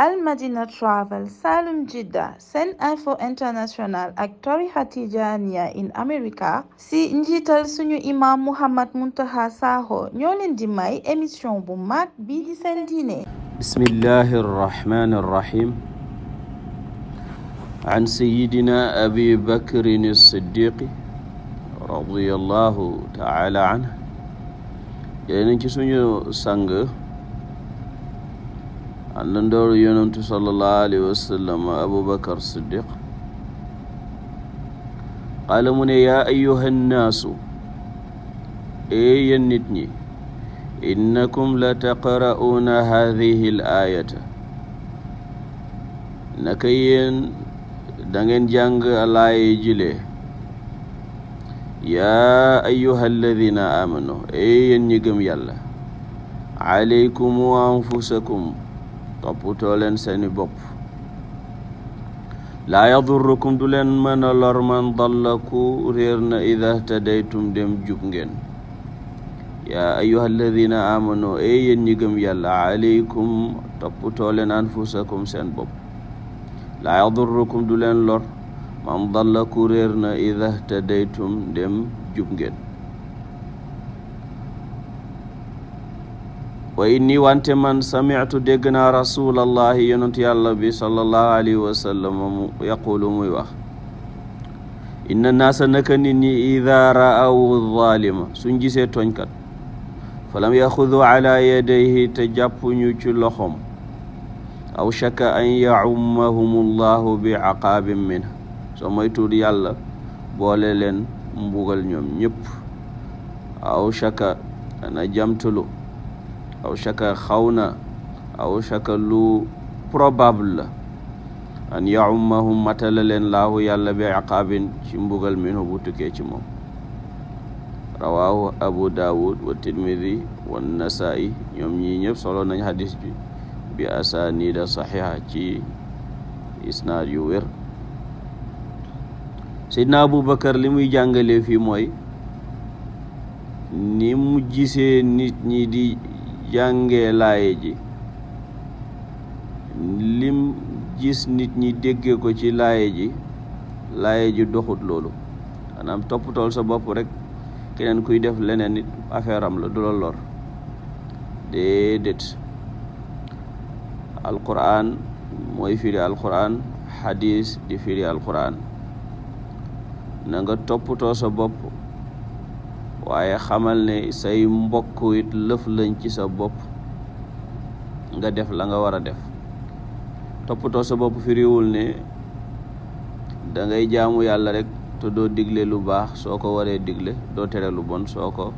al madina travel salum jidda sen info international ak tarixa tijaniya in america si njiital suñu imam Mouhammad Muntaqa Sakho ñoo may émission bu mag bii di seen diine bismillahi arrahmani arrahim an sayidina abi sang àndandooru yonentu sallallahu alayhi wa sallam abubakar siddiq qaala mu ne yaa ayyuha nnaasu ee yéen nit ñi innakum la taqra'uuna haadihi l aayata naka yéen da ngeen jàng laaye jile yaa ayyuha alladina aamanu ee yéen ñi gëm yàlla alaykum anfusakum toppatoo leen seeni bopp laa yadurrukum du leen mën a lor man dalla ku réer na ida htadaytum dem jub ngeen yaa ayuha alladina amano e yéen ñi gëm yàlla aleykum toppatoo leen anfusakum seen bopp laa yadurrukum du leen lor man dalla ku réer na ida htadaytum dem jub ngeen wa inni wante man sami'tu dégg naa rasulallahi yonent yàlla bi sallallahu alayhi wa sallam mu yaqulu muy wax inna naasa naka nit ñi ida ra'awu zaalima suñ gisee tooñkat falam yaxudu ala yadayhi te jàppuñu ci loxoom aw shakka an yacummahum llahu bi aqaabin min soo moytuwul yàlla boole leen mbugal ñoom ñëpp aw shakka dana jamtulu aw shaka xaw na aw shaka lu probable la an yaumahum matala leen laahu yàlla bi iqaabin ci mbugal minhu bu tukkee ci moom rawaahu abu daawud wa tirmidi wa ñoom ñii ñëpp solo nañ hadis bi asanida saxiha ci isnaad yu wér seydna abubakar li muy jàngale fii mooy ni mu gisee nit ñi di jànge laaye ji lim gis nit ñi déggee ko ci laaye ji laaye ji doxut loolu maanaam toppatool sa bopp rek keneen kuy def leneen nit affaire am la du la lor déedéet alquran mooy firi alquran xadis di firi alquran na nga toppatoo sa bopp waaye xamal ne say mbokk it lëf lañ ci sa bopp nga def la nga war a def toppatoo sa bopp firiwul ne da ngay jaamu yàlla rek te doo digle lu baax soo ko waree digle doo tere lu bon soo ko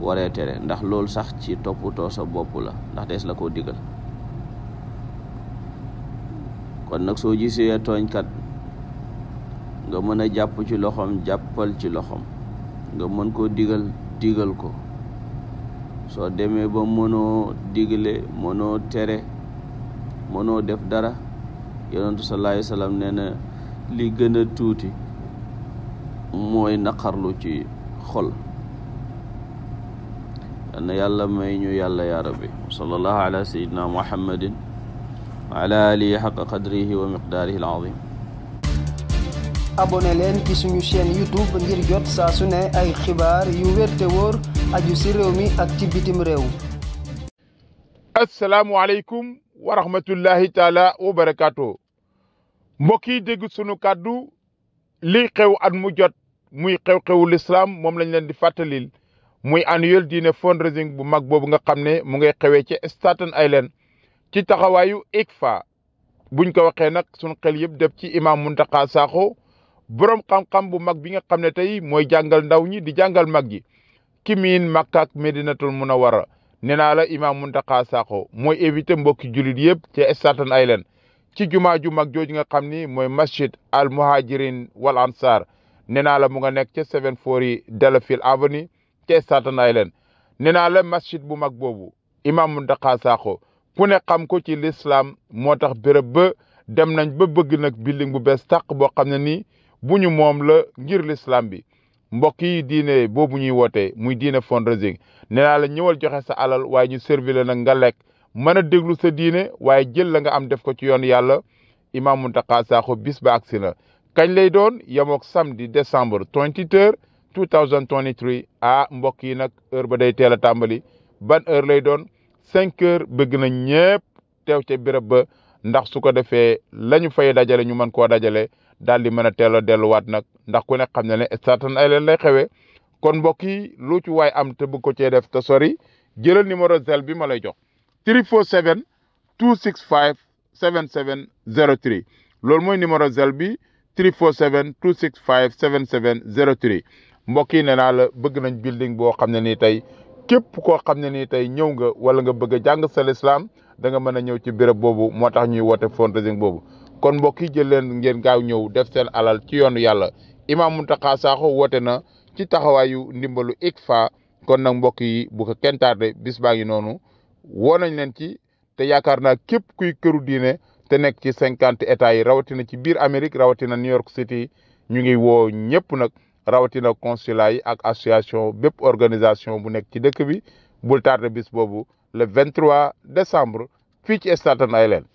waree tere ndax loolu sax ci toppatoo sa bopp la ndax dees la koo digal kon nag soo gisee tooñkat nga mën a jàpp ci loxoom jàppal ci loxoom nga mën koo digal digal ko soo demee ba mënoo digle mënoo tere mënoo def dara yonentu sallallahu alayhi wasallam nee na li gën a tuuti mooy naqarlu ci xol na yàlla may ñu yàlla ya rabbi sallallahu ala sayyidina muhammadin wa ala alihi haqqa qadrihi wa miqdaarihi al-azim abonné leen ci suñu chaîne YouTube ngir jot saa ne ay xibaar yu wér wóor aju si réew mi ak ci bitim réew. asalaamualeykum wa rahmatullahi taala wa barakaatu. mbokk yi dégg sunu kàddu li xew at mu jot muy xew-xewu lislaam moom lañ leen di fàttalil muy annuel diine fundraising bu mag boobu nga xam ne mu ngay xewee ci Staten Island ci taxawaayu ICFA buñ ko waxee nag suñ xel yëpp def ci imam Muntaqa Sakho boroom xam-xam bu mag bi nga xam ne tey mooy jàngal ndaw ñi di jàngal mag ji ki miin Makka ak Medinatul Munawwara nee naa la imaam Muntaqa saako mooy éviter mbokki jullit yëpp ci Staten Island ci jumaa ju mag jooju nga xam ni mooy masjid al muhajirin wal ansar nee naa la mu nga nekk ca 740 Delafield Avenue ca Staten Island nee naa la masjid bu mag boobu imaam Muntaqa saako ku ne xam ko ci lislaam moo tax béréb ba dem nañ ba bëgg nag building bu bees tàq boo xam ne nii bu ñu moom la ngir lislaam bi mbokk yi diine boobu ñuy wootee muy diine fundraising nee naa la ñëwal joxe sa alal waaye ñu servir nag nga lekk mën a déglu sa diine waaye jël la nga am def ko ci yoon yàlla Imam Mountakha saako bis ba si na kañ lay doon yemook samedi décembre 23 2023 ah mbokk yi nag heure ba day teel a tàmbali ban heure lay doon cinq heures bëgg na ñëpp teew ca béréb ba ndax su ko defee la ñu fay dajale ñu mën koo dajale daal di mën a teel a delluwaat nag ndax ku ne xam ne ne satan ay leen lay xewee kon mbokk yi lu ci waay am te bëgg ko cee def te sori jëlal numéro zel bi ma lay jox 347 265 7703 loolu mooy numéro zel bi 347 265 7703 mbokk yi nee naa la bëgg nañ building boo xam ne nii tey képp koo xam ne nii tey ñëw nga wala nga bëgg a jàng sa lislaam da mën a ñëw ci béréb boobu moo tax ñuy woote fundraising boobu kon mbokk yi jël leen ngeen gaaw ñëw def seen alal ci yoonu yàlla Imam Mountakha Sakho woote na ci taxawaayu ndimbalu ICFA kon nag mbokk yi bu ko kenn tardé noonu woo nañ leen ci te yaakaar naa képp kuy këru diine te nekk ci cinquante états yi rawatina ci biir Amérique rawatina New York City ñu ngi woo ñëpp nag rawatina consulat yi ak association bépp organisation bu nekk ci dëkk bi bul tardé bis boobu le 23 décembre fii ci Staten Island